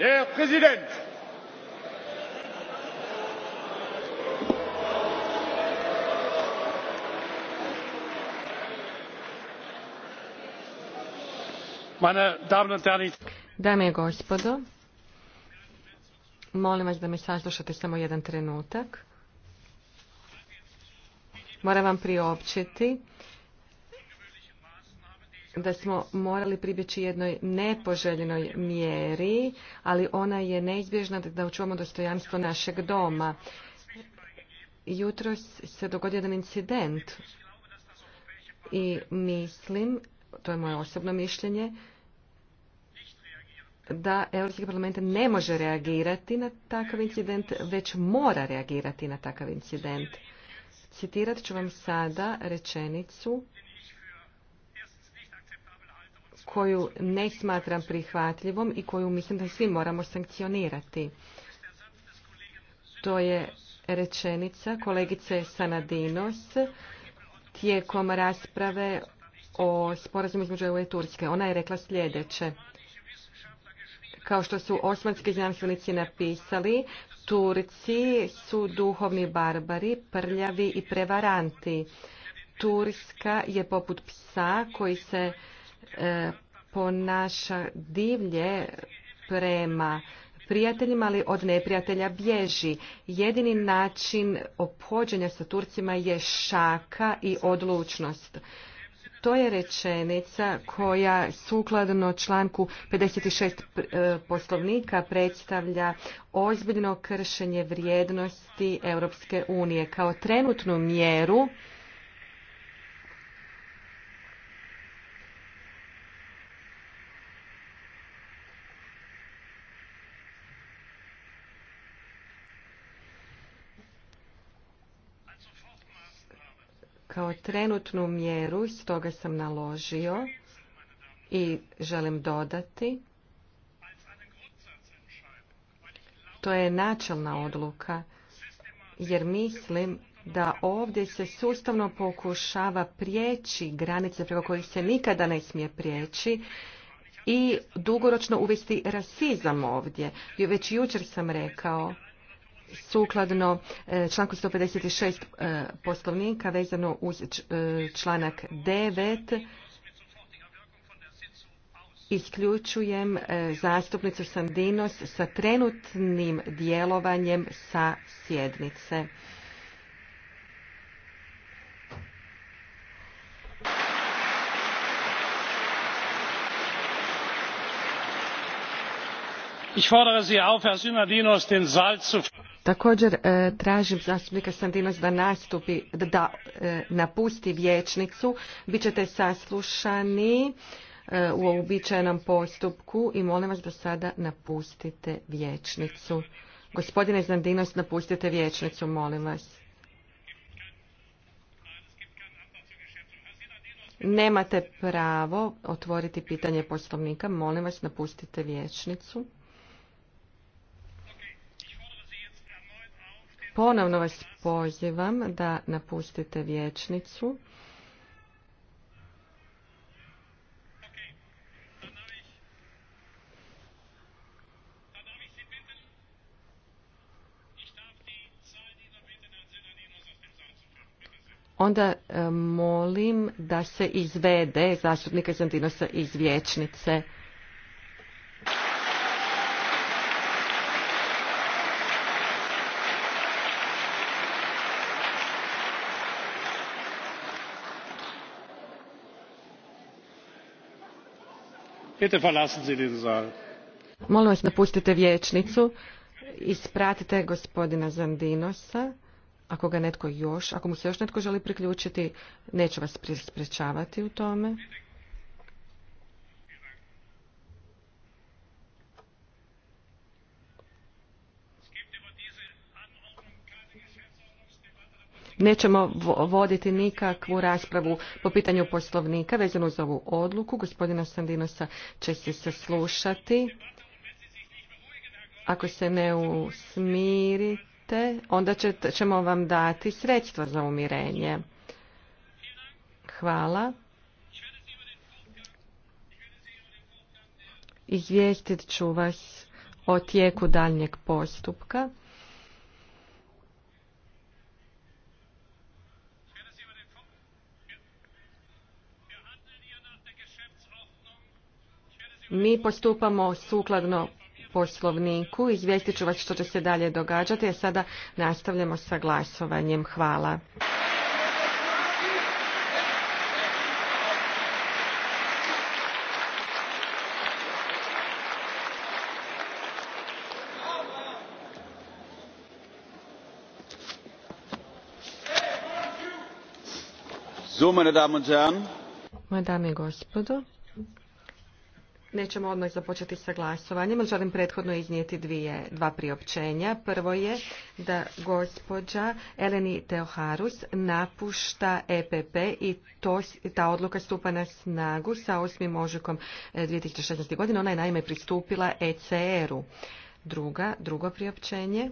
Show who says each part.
Speaker 1: Der Präsident! Meine Damen und Herren, Dame i gospodo, molim vas da me saslušate samo jedan trenutak. Moram vam priopćiti da smo morali pribjeći jednoj nepoželjenoj mjeri, ali ona je neizbježna da očuvamo dostojanstvo našeg doma. Jutros se dogodio jedan incident i mislim, to je moje osobno mišljenje, da Europski parlament ne može reagirati na takav incident, već mora reagirati na takav incident. Citirat ću vam sada rečenicu koju ne smatram prihvatljivom i koju mislim da svi moramo sankcionirati. To je rečenica kolegice Sanadinos tijekom rasprave o sporazumu između EU i Turske. Ona je rekla sljedeće. Kao što su osmanski znanstvenici napisali, Turci su duhovni barbari, prljavi i prevaranti. Turska je poput psa koji se E, ponaša divlje prema prijateljima, ali od neprijatelja bježi. Jedini način opođenja sa Turcima je šaka i odlučnost. To je rečenica koja sukladno članku 56 e, poslovnika predstavlja ozbiljno kršenje vrijednosti Europske unije. Kao trenutnu mjeru kao trenutnu mjeru, stoga sam naložio i želim dodati. To je načelna odluka, jer mislim da ovdje se sustavno pokušava prijeći granice preko kojih se nikada ne smije prijeći i dugoročno uvesti rasizam ovdje. Već jučer sam rekao sukladno e, članku 156 e, poslovnika vezano uz e, članak 9 isključujem zastupnicu Sandinos sa trenutnim djelovanjem sa sjednice. Ich fordere Sie auf, Herr Synadinos, den Saal zu Također e, tražim zastupnika Sandinos da nastupi, da e, napusti vječnicu. Bićete saslušani e, u uobičajenom postupku i molim vas da sada napustite vječnicu. Gospodine Sandinos, napustite vječnicu, molim vas. Nemate pravo otvoriti pitanje poslovnika, molim vas napustite vječnicu. Ponovno vas pozivam da napustite vječnicu. Onda e, molim da se izvede zastupnika Zantinosa iz vječnice. molim vas napustite vijećnicu ispratite gospodina Zandinosa ako ga netko još ako mu se još netko želi priključiti neću vas sprječavati u tome Nećemo voditi nikakvu raspravu po pitanju poslovnika vezano za ovu odluku. Gospodina Sandinosa će se saslušati. Ako se ne usmirite, onda ćemo vam dati sredstva za umirenje. Hvala. Izvijestit ću vas o tijeku daljnjeg postupka. Mi postupamo sukladno poslovniku. Izvijestit ću vas što će se dalje događati, a sada nastavljamo sa glasovanjem. Hvala. So, Dame i gospodo, Nećemo odmah započeti sa glasovanjem, ali želim prethodno iznijeti dvije, dva priopćenja. Prvo je da gospođa Eleni Teoharus napušta EPP i to, ta odluka stupa na snagu sa 8. ožujkom 2016. E, godine. Ona je naime pristupila ECR-u. Druga, drugo priopćenje.